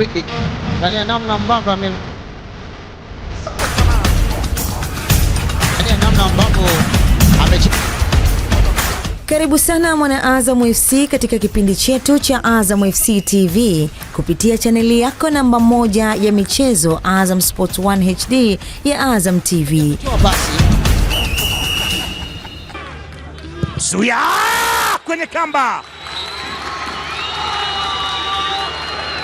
Free kick. Angalia namna ambavyo ame Angalia namna ambavyo amecheza. Karibu sana mwana Azam FC katika kipindi chetu cha Azam FC TV kupitia chaneli yako namba moja ya michezo Azam Sports 1 HD ya Azam TV. Suya kwenye kamba.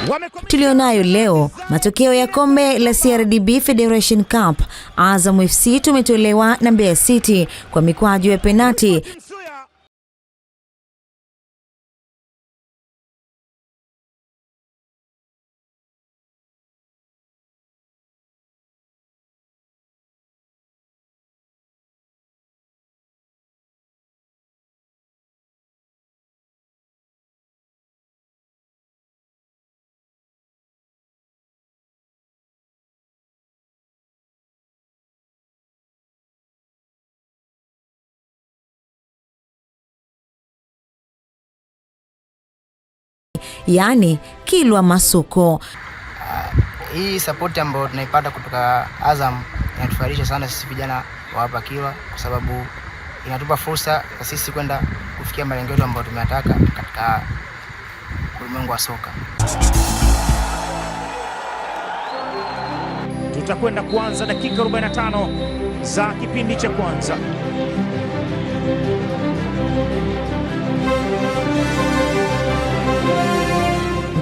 Wame tulionayo leo, matokeo ya kombe la CRDB Federation Cup, Azam FC tumetolewa na Mbeya City kwa mikwaju ya penati. yaani Kilwa Masuko. Hii sapoti ambayo tunaipata kutoka Azam inatufurahisha sana sisi vijana wa hapa Kilwa kwa sababu inatupa fursa ya sisi kwenda kufikia malengo yetu ambayo tumeataka katika ulimwengu wa soka. Tutakwenda kuanza dakika 45 za kipindi cha kwanza.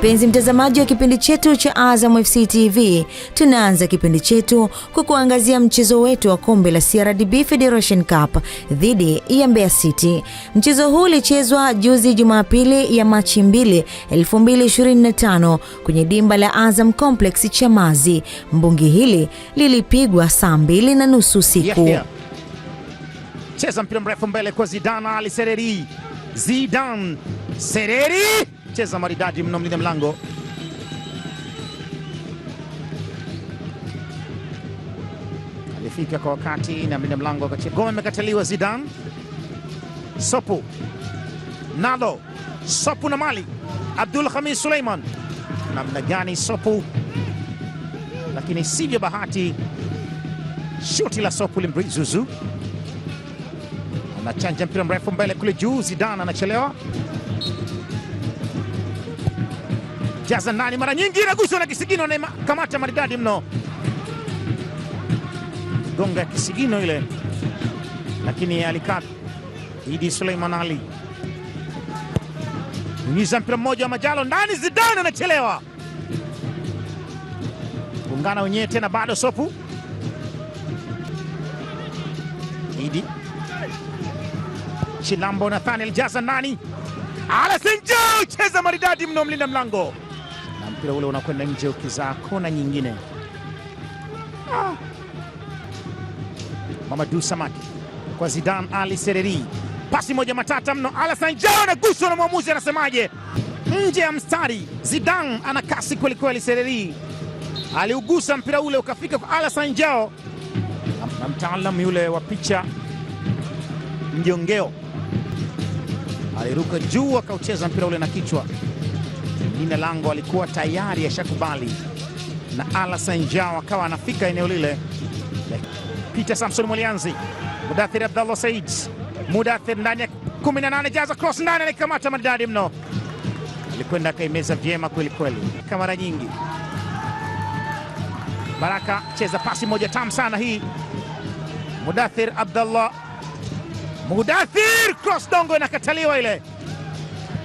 Mpenzi mtazamaji wa kipindi chetu cha Azam FC TV, tunaanza kipindi chetu kwa kuangazia mchezo wetu wa kombe la CRDB Federation Cup dhidi ya Mbeya City. Mchezo huu ulichezwa juzi Jumapili ya Machi 2, 2025 kwenye dimba la Azam Complex Chamazi. Mbungi hili lilipigwa saa mbili na nusu usiku. Cheza mpira mrefu mbele kwa Zidane, Ali Sereri. Zidane Sereri cheza maridadi mno mlinde mlango. Alifika kwa wakati na mlinde mlango kati. Gome amekataliwa. Zidane Sopu nalo Sopu na mali Abdul Khamis Suleiman, namna gani Sopu, lakini sivyo bahati. Shuti la Sopu limzuzu, anachanja mpira mrefu mbele kule juu. Zidane anachelewa jaza ndani, mara nyingi inaguswa na kisigino, kamata maridadi mno, gonga ya kisigino ile, lakini alikata. Idi Suleiman Ali ingiza mpira mmoja wa Majalo ndani, Zidane anachelewa gungana wenyewe tena, bado sopu Idi Chilambo Nathaniel jaza ndani, alasinjo cheza maridadi mno, mlinda mlango mpira ule unakwenda nje ukizaa kona nyingine. Ah. Mamadou Samaki kwa Zidane Ali Sereri, pasi moja matata mno. Alassane Jaho anaguswa na mwamuzi, anasemaje? Nje ya mstari. Zidane ana kasi kwelikweli. Sereri aliugusa mpira ule ukafika kwa Alassane Jaho, na mtaalam yule wa picha mjongeo aliruka juu akaucheza mpira ule na kichwa. Nina Lango alikuwa tayari ashakubali na Alasan Jao akawa anafika eneo lile. Peter Samson Mwalianzi, Mudathir Abdallah Said, Mudathir ndani ya 18, jaza cross ndani, alikamata maridadi mno, alikwenda akaimeza vyema kweli kweli, kama mara nyingi. Baraka cheza pasi moja tamu sana hii. Mudathir Abdallah, Mudathir cross, dongo inakataliwa ile.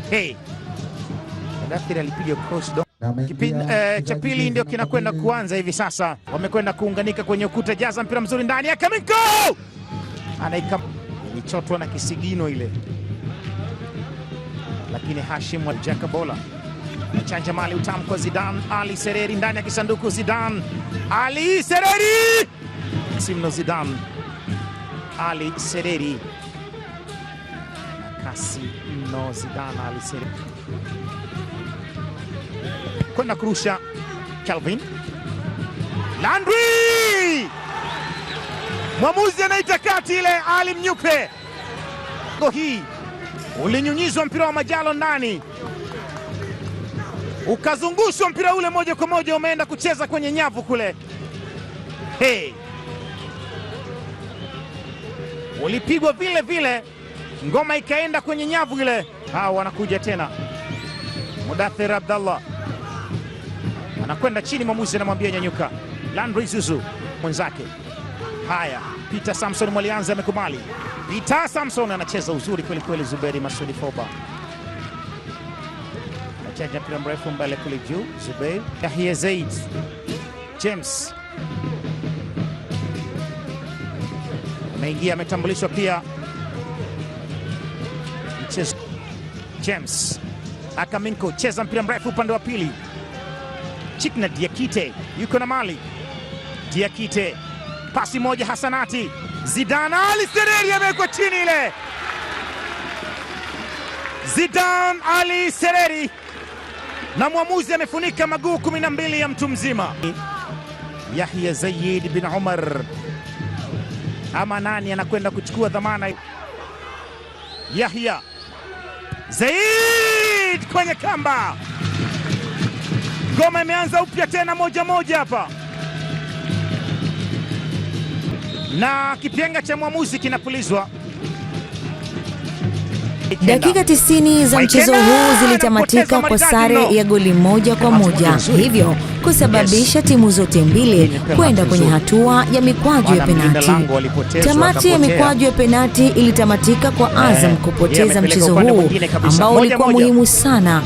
Hey nafikiri alipiga cross Kipindi eh, cha pili ndio kinakwenda kuanza hivi sasa, wamekwenda kuunganika kwenye ukuta. Jaza mpira mzuri ndani ya kamiko anaika ilichotwa na kisigino ile, lakini Hashim wa Jakabola nachanja mali utamu kwa Zidane. Ali Sereri ndani ya kisanduku, Zidane Ali Sereri, simno Zidane Ali Sereri kasi mno. Zidane alisema kwenda kurusha Calvin Landry, mwamuzi anaita kati ile. Ali Mnyupe, go hii ulinyunyizwa mpira wa Majalo ndani, ukazungushwa mpira ule moja kwa moja umeenda kucheza kwenye nyavu kule. Hey, ulipigwa vile vile ngoma ikaenda kwenye nyavu ile. Hawa wanakuja tena, Mudathir Abdallah anakwenda chini, mwamuzi anamwambia nyanyuka. Landry Zuzu mwenzake. Haya, Peter Samson Mwalianzi amekubali. Peter Samson anacheza uzuri kweli kweli. Zuberi Masudi Foba anachanja mpira mrefu mbele kule juu. Zuberi Yahya Zaid James ameingia, ametambulishwa pia James Akaminko cheza mpira mrefu upande wa pili, Chikna Diakite yuko na mali Diakite, pasi moja Hasanati Zidane Ali Sereri amewekwa chini ile. Zidan Ali Sereri na mwamuzi amefunika maguu 12 ya mtu mzima. Yahya Zayid bin Umar ama nani anakwenda kuchukua dhamana? Yahya Zaid kwenye kamba, ngoma imeanza upya tena moja moja hapa, na kipenga cha mwamuzi kinapulizwa. Dakika 90 za mchezo huu zilitamatika kwa sare ya goli moja kwa moja, hivyo kusababisha timu zote mbili kwenda kwenye hatua ya mikwaju ya penati. Tamati ya mikwaju ya penati ilitamatika kwa eh, Azam kupoteza mchezo huu ambao ulikuwa muhimu sana.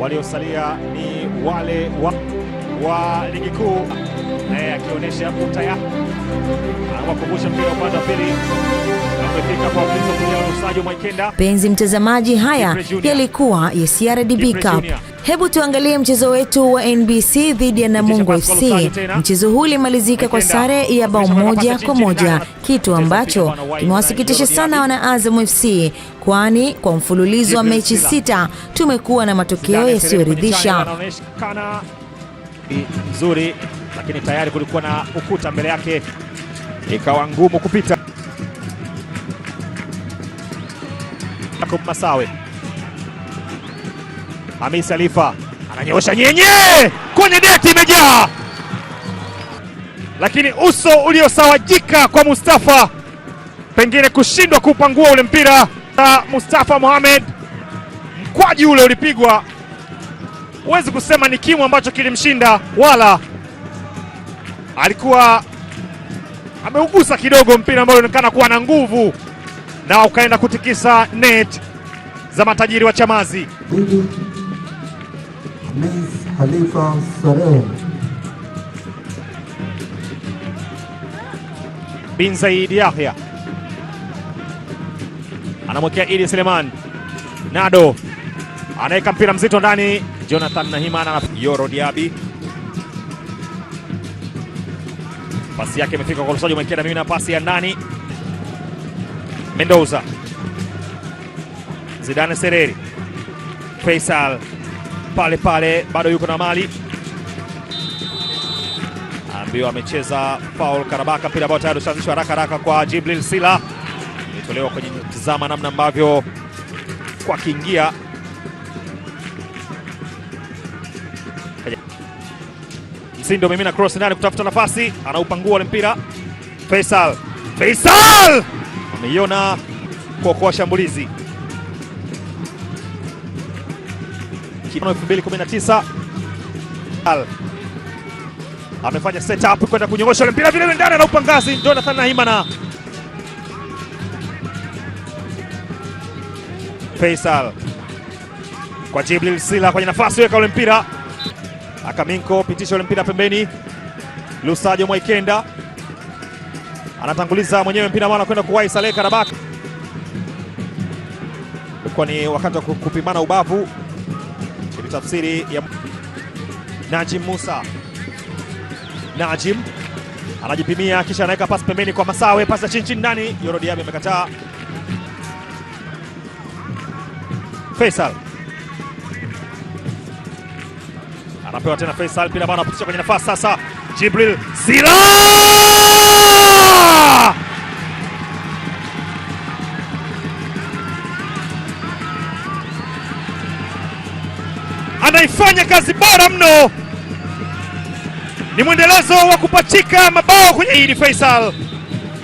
Waliosalia ni wale wa, wa ligi kuu na yeye akionyesha hapo tayari, anawakumbusha mpira upande wa pili mtazamaji, haya yalikuwa ya CRDB Cup. Hebu tuangalie mchezo wetu wa NBC dhidi ya Namungo FC. Mchezo huu ulimalizika kwa sare ya bao moja kwa moja, kitu ambacho kimewasikitisha sana wana Azam FC, kwani kwa mfululizo wa mechi sita tumekuwa na matokeo yasiyoridhisha lakini tayari kulikuwa na ukuta mbele yake, ikawa ngumu kupita. Jacob Masawe, Hamis Alifa ananyosha nyenye kwenye neti, imejaa lakini uso uliosawajika kwa Mustafa pengine kushindwa kupangua ule mpira. Mustafa Mohamed, mkwaji ule ulipigwa, huwezi kusema ni kimu ambacho kilimshinda wala alikuwa ameugusa kidogo mpira ambao unaonekana kuwa na nguvu na ukaenda kutikisa net za matajiri wa Chamazi. bin Zaid Yahya anamwekea Idi Seleman Nado anaweka mpira mzito ndani. Jonathan Nahimana Yoro Diaby Pasi yake imefika kwa mchezaji mwingine mimi na pasi ya ndani. Mendoza. Zidane Sereri. Faisal pale pale bado yuko na mali. Ambiwa amecheza Paul Karabaka, mpira ambao tayari ushaanzishwa haraka haraka kwa Jibril Sila. Imetolewa kwenye, tizama namna ambavyo kwa kiingia Msindo mimina cross ndani kutafuta nafasi, anaupangua ule mpira. Faisal, Faisal ameiona kuokoa shambulizi. Kiano 2019 amefanya set up kwenda kunyongosha ule mpira vile vile ndani, anaupa ngazi Jonathan Nahima Faisal kwa Jibril Sila kwenye nafasi, weka ule mpira Akaminko, pitisho ile mpira pembeni. Lusajo Mwaikenda anatanguliza mwenyewe mpira mara kwenda kuwahi Saleh Karabak. Ilikuwa ni wakati wa kupimana ubavu, ni tafsiri ya Najim Musa. Najim anajipimia kisha anaweka pasi pembeni kwa Masawe, pasi ya chini chini ndani. Yorodiabi amekataa. Faisal anapewa tena Faisal Pila bana, anapitisha kwenye nafasi sasa, Jibril Sila anaifanya kazi bora mno, ni mwendelezo wa kupachika mabao kwenye hili. Faisal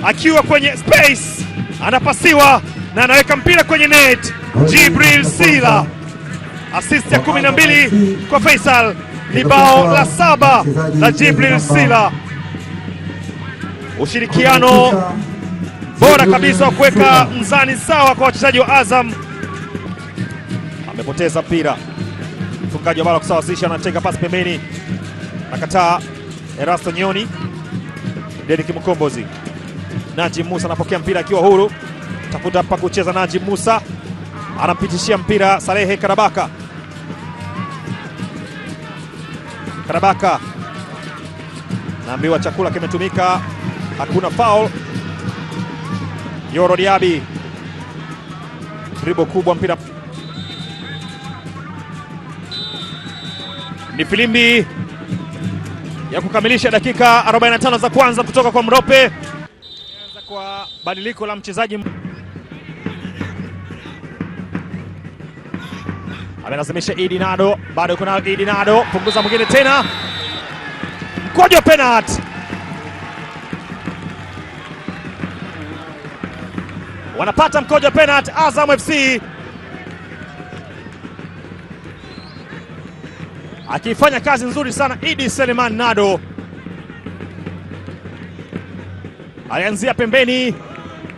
akiwa kwenye space anapasiwa na anaweka mpira kwenye net. Jibril Sila, asisti ya 12 kwa Faisal ni bao la saba la Jibril Sila, ushirikiano bora kabisa wa kuweka mzani sawa kwa wachezaji wa Azam. Amepoteza mpira, mfungaji wa bao la kusawazisha anatenga pasi pembeni, nakataa Erasto Nyoni, Derrick Mkombozi. Najim Musa anapokea mpira akiwa huru, tafuta pa kucheza. Najim Musa anampitishia mpira Salehe Karabaka. Karabaka naambiwa chakula kimetumika, hakuna foul. Yoro Diaby dribo kubwa, mpira ni filimbi ya kukamilisha dakika 45 za kwanza kutoka kwa Mrope kwa badiliko la mchezaji amelazimisha Idi Nado, bado kuna Idi Nado, punguza mwingine tena, mkojo penat Wanapata mkojo penalty Azam FC, akifanya kazi nzuri sana Idi Seleman Nado, alianzia pembeni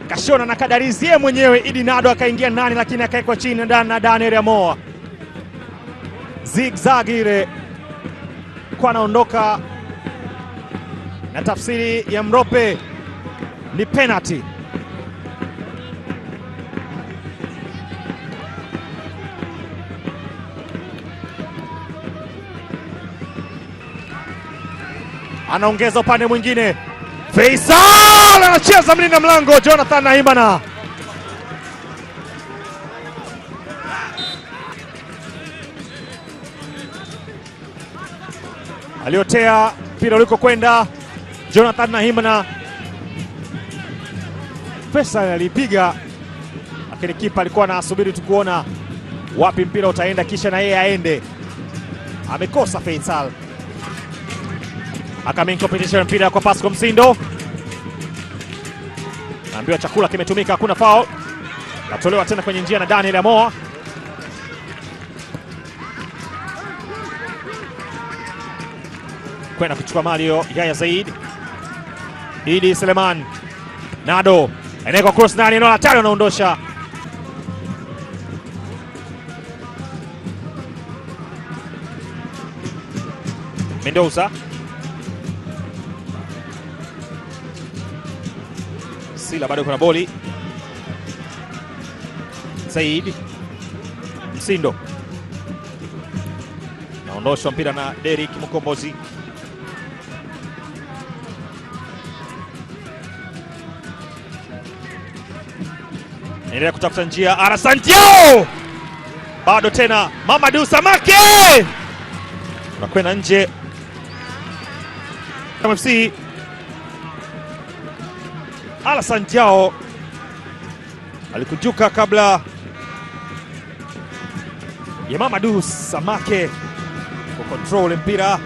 kashona na kadarizie mwenyewe Idi Nado akaingia ndani, lakini akawekwa chini ndani na Daniel Amoa zigzag ile kwa anaondoka na tafsiri ya Mrope ni penalty. Anaongeza upande mwingine, Faisal anacheza mlinda mlango Jonathan Nahimana. aliotea mpira ulikokwenda Jonathan Nahimana, Faisal aliipiga, lakini kipa alikuwa anasubiri tu kuona wapi mpira utaenda, kisha na yeye aende. Amekosa Faisal, Akaminko competition, mpira kwa Pasco Msindo, naambiwa chakula kimetumika, hakuna foul. Natolewa tena kwenye njia na Daniel Amoa kwenda kuchukua Mario Yaya Zaid. Idi Seleman Nado anaweka cross ndani, eneo hatari, anaondosha Mendoza. Sila bado kuna boli. Said Msindo naondoshwa mpira na Derrick Mkombozi. Endelea kutafuta njia Ara bado tena Mamadu Samake nakwenda nje. FC Ara Santiao alikujuka kabla ya Mamadu Samake kukontrol mpira,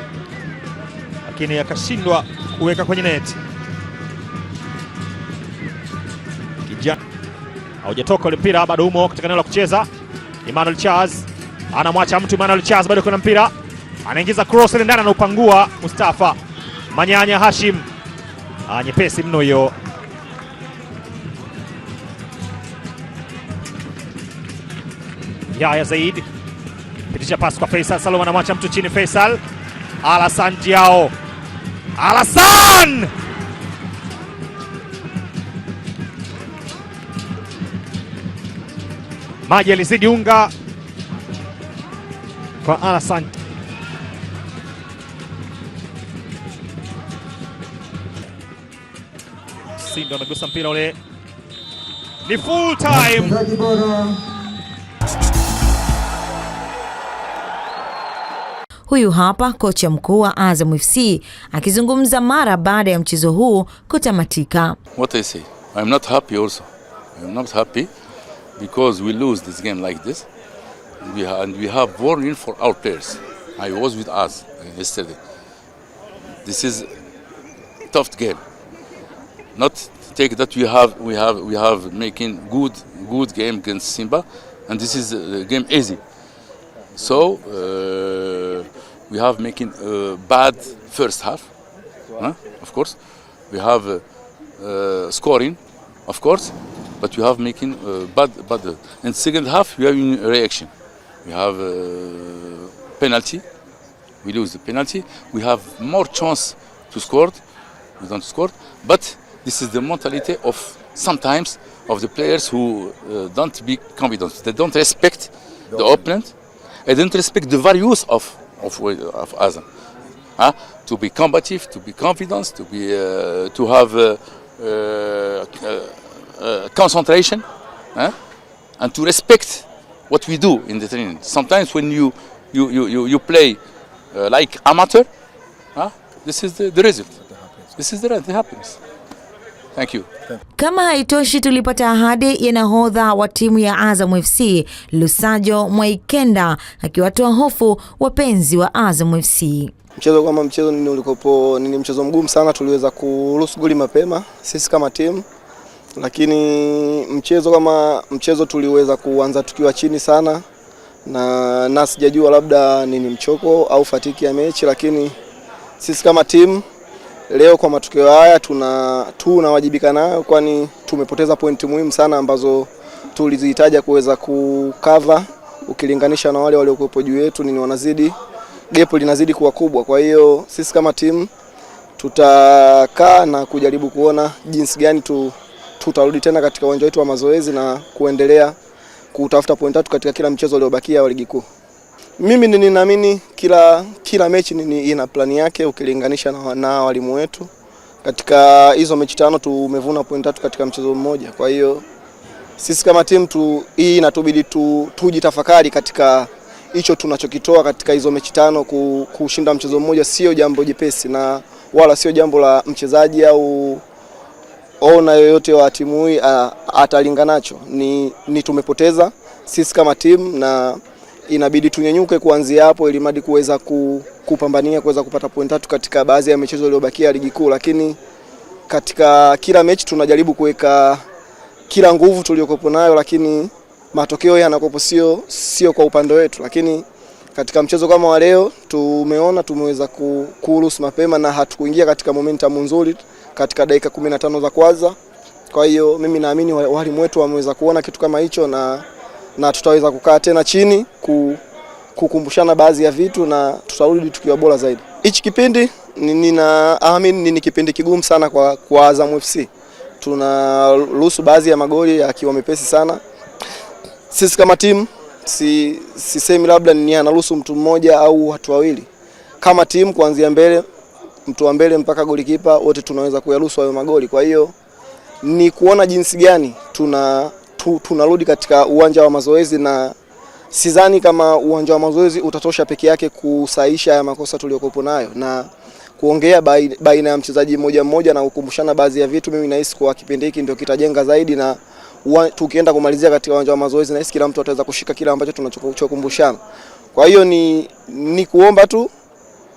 lakini akashindwa kuweka kwenye neti. haujatoka ule mpira, bado umo katika eneo la kucheza. Emmanuel Charles anamwacha mtu. Emmanuel Charles bado kuna mpira, anaingiza cross ile ndani, anaupangua Mustafa Manyanya Hashim. Ah, nyepesi mno hiyo. Yaya Zaid pitisha pasi kwa Faisal Salum, anamwacha mtu chini. Faisal Alasan Jiao Alasan maji alizidi unga kwa Alassane Sindo, amegusa mpira ule, ni full time. Huyu hapa kocha mkuu wa Azam FC akizungumza mara baada ya mchezo huu kutamatika. What I say, I'm not happy also. I'm not happy. because we lose this game like this. We and we have warning for our players. I was with us yesterday. This is tough game. Not take that we have we have we have making good good game against Simba, and this is uh, game easy. So uh, we have making a bad first half, huh? of course. We have uh, uh, scoring, of course, but you have making uh, bad bad. And second half you have in reaction. We have uh, penalty. We lose the penalty. We have more chance to score. We don't score. But this is the mentality of sometimes of the players who uh, don't be confident. They don't respect the, opponent. They don't respect the values of of of Azam. Huh? To be combative, to be confident, to be uh, to have. Uh, uh, Uh, concentration huh? and to respect what we do in the training. Sometimes when you, you, you, you, you play uh, like amateur, huh? this is the, the result. This is the, result. It happens. Thank you. Kama haitoshi tulipata ahadi ya nahodha wa timu ya Azam FC Lusajo Mwaikenda akiwatoa hofu wapenzi wa Azam FC. Mchezo kama mchezo nini ulikopo nini mchezo mgumu sana, tuliweza kuruhusu goli mapema sisi kama timu lakini mchezo kama mchezo tuliweza kuanza tukiwa chini sana, na na sijajua labda nini mchoko au fatiki ya mechi, lakini sisi kama timu leo kwa matokeo haya tuna tunawajibika nayo, kwani tumepoteza pointi muhimu sana ambazo tulizihitaji kuweza kukava, ukilinganisha na wale waliokuwepo juu yetu, nini wanazidi gepo linazidi kuwa kubwa. Kwa hiyo sisi kama timu tutakaa na kujaribu kuona jinsi gani tu tutarudi tena katika uwanja wetu wa mazoezi na kuendelea kutafuta point tatu katika kila mchezo uliobakia wa ligi kuu. Mimi ninaamini kila, kila mechi ina plani yake ukilinganisha na, na walimu wetu. Katika hizo mechi tano tumevuna point tatu katika mchezo mmoja. Kwa hiyo sisi kama timu tu hii inatubidi tu, tujitafakari katika hicho tunachokitoa katika hizo mechi tano. Kushinda mchezo mmoja sio jambo jepesi na wala sio jambo la mchezaji au ona yoyote wa timu hii atalinga nacho ni, ni tumepoteza sisi kama timu na inabidi tunyenyuke kuanzia hapo ili madi kuweza kupambania kuweza kupata point tatu katika baadhi ya michezo iliyobakia ligi kuu, lakini katika kila mechi tunajaribu kuweka kila nguvu tuliyokuwa nayo, lakini matokeo yanakopo sio sio kwa upande wetu. Lakini katika mchezo kama wa leo tumeona tumeweza kuruhusu mapema na hatukuingia katika momentum nzuri katika dakika tano za kwanza. Kwa hiyo mimi naamini walimu wetu wameweza kuona kitu kama hicho na, na tutaweza kukaa tena chini kukumbushana baadhi ya vitu na tutarudi tukiwa bora zaidi. Hichi kipindi ninaamini ni, ni kipindi kigumu sana kwa, kwa Azam FC. Tunaruhusu baadhi ya magoli yakiwa mepesi sana. Sisi kama timu si sisemi labda ni anaruhusu mtu mmoja au watu wawili, kama timu kuanzia mbele mtu wa mbele mpaka golikipa wote tunaweza kuyaruhusu hayo magoli. Kwa hiyo ni kuona jinsi gani tuna tu, tunarudi katika uwanja wa mazoezi, na sidhani kama uwanja wa mazoezi utatosha peke yake kusaisha haya makosa tuliyokuwa nayo na kuongea baina ya mchezaji mmoja mmoja na kukumbushana baadhi ya vitu. Mimi nahisi kwa kipindi hiki ndio kitajenga zaidi, na tukienda kumalizia katika uwanja wa mazoezi, nahisi kila mtu ataweza kushika kile ambacho tunachokumbushana. Kwa hiyo ni, ni kuomba tu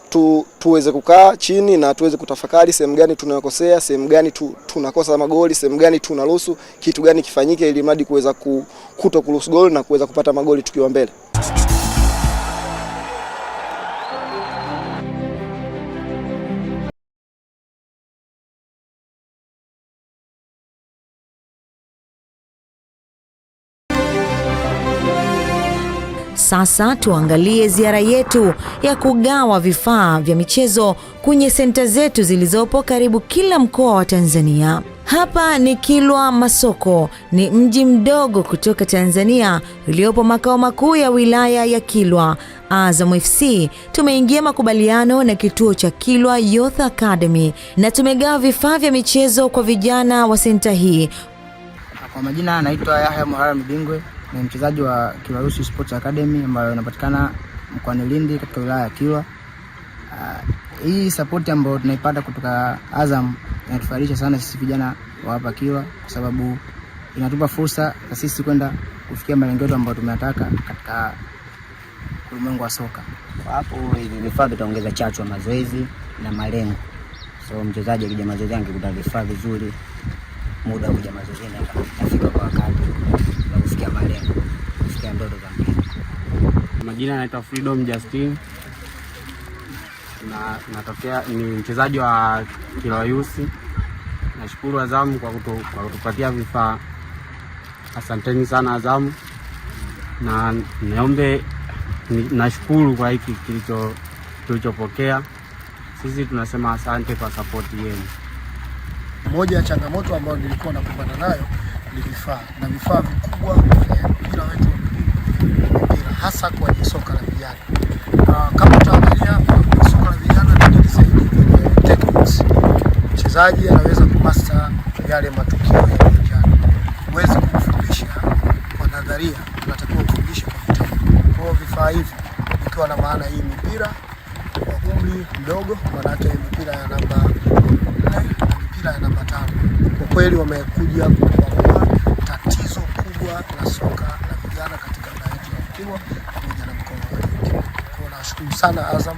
tu, tuweze kukaa chini na tuweze kutafakari sehemu gani tunayokosea, sehemu gani tu, tunakosa magoli, sehemu gani tunaruhusu, kitu gani kifanyike ili mradi kuweza kuto kuruhusu goli na kuweza kupata magoli tukiwa mbele. Sasa tuangalie ziara yetu ya kugawa vifaa vya michezo kwenye senta zetu zilizopo karibu kila mkoa wa Tanzania. Hapa ni Kilwa Masoko, ni mji mdogo kutoka Tanzania uliopo makao makuu ya wilaya ya Kilwa. Azam FC tumeingia makubaliano na kituo cha Kilwa Youth Academy na tumegawa vifaa vya michezo kwa vijana wa senta hii. Kwa majina anaitwa Yahya Muharam Bingwe ni mchezaji wa Kiwarusi Sports Academy ambayo inapatikana mkoani Lindi katika wilaya ya Kilwa. Uh, hii support ambayo tunaipata kutoka Azam inatufurahisha sana sisi vijana wa hapa Kilwa kwa sababu inatupa fursa na sisi kwenda kufikia malengo yetu ambayo tumeyataka katika ulimwengu wa soka. Kwa hapo hivi vifaa vitaongeza chachu ya mazoezi na malengo. So mchezaji akija mazoezi angekuta vifaa vizuri, muda wa kuja mazoezi na atafika kwa wakati kufikia malengo, kufikia ndoto za Majina anaitwa Freedom Justin na natokea ni mchezaji wa Kilawayusi. Nashukuru Azamu kwa kutu, kwa kutupatia vifaa. Asanteni sana Azamu, na niombe nashukuru kwa hiki kilicho tulichopokea sisi tunasema asante kwa sapoti yenu. Moja ya changamoto ambayo nilikuwa nakumbana nayo ni vifaa na vifaa vikubwa vya mpira wetu mpira hasa kwenye soka la vijana. Uh, Kama tutaangalia hapa, soka la vijana ni zaidi kwenye techniques. Mchezaji anaweza kumasta yale matukio ya vijana, huwezi kumfundisha kwa nadharia, unatakiwa kufundisha kwa vitendo. Kwa hiyo vifaa hivi ikiwa na maana hii mipira kwa umri mdogo, maanake mipira ya namba nne na mipira ya namba tano, kwa kweli wamekuja sana Azam,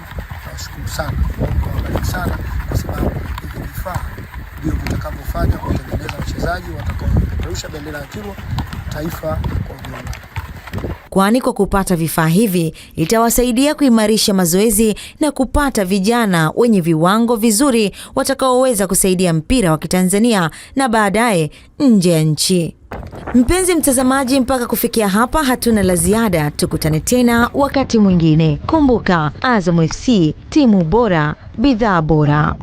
nashukuru sana kuwabariki sana, kwa sababu hivi vifaa ndio vitakavyofanya kutengeneza wachezaji watakaopeperusha bendera ya Kilwa taifa kwa ujumla kwani kwa kupata vifaa hivi itawasaidia kuimarisha mazoezi na kupata vijana wenye viwango vizuri watakaoweza kusaidia mpira wa Kitanzania na baadaye nje ya nchi. Mpenzi mtazamaji, mpaka kufikia hapa hatuna la ziada. Tukutane tena wakati mwingine. Kumbuka, Azam FC, timu bora, bidhaa bora.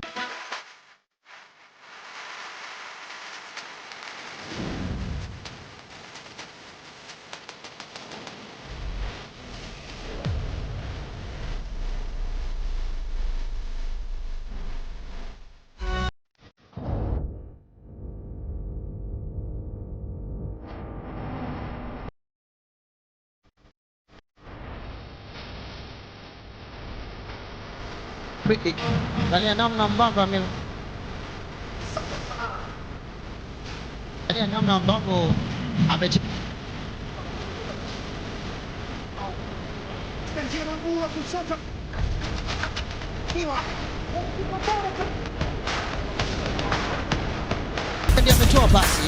free kick. Angalia namna ambavyo ame angalia namna ambavyo ame ndiye ametoa pasi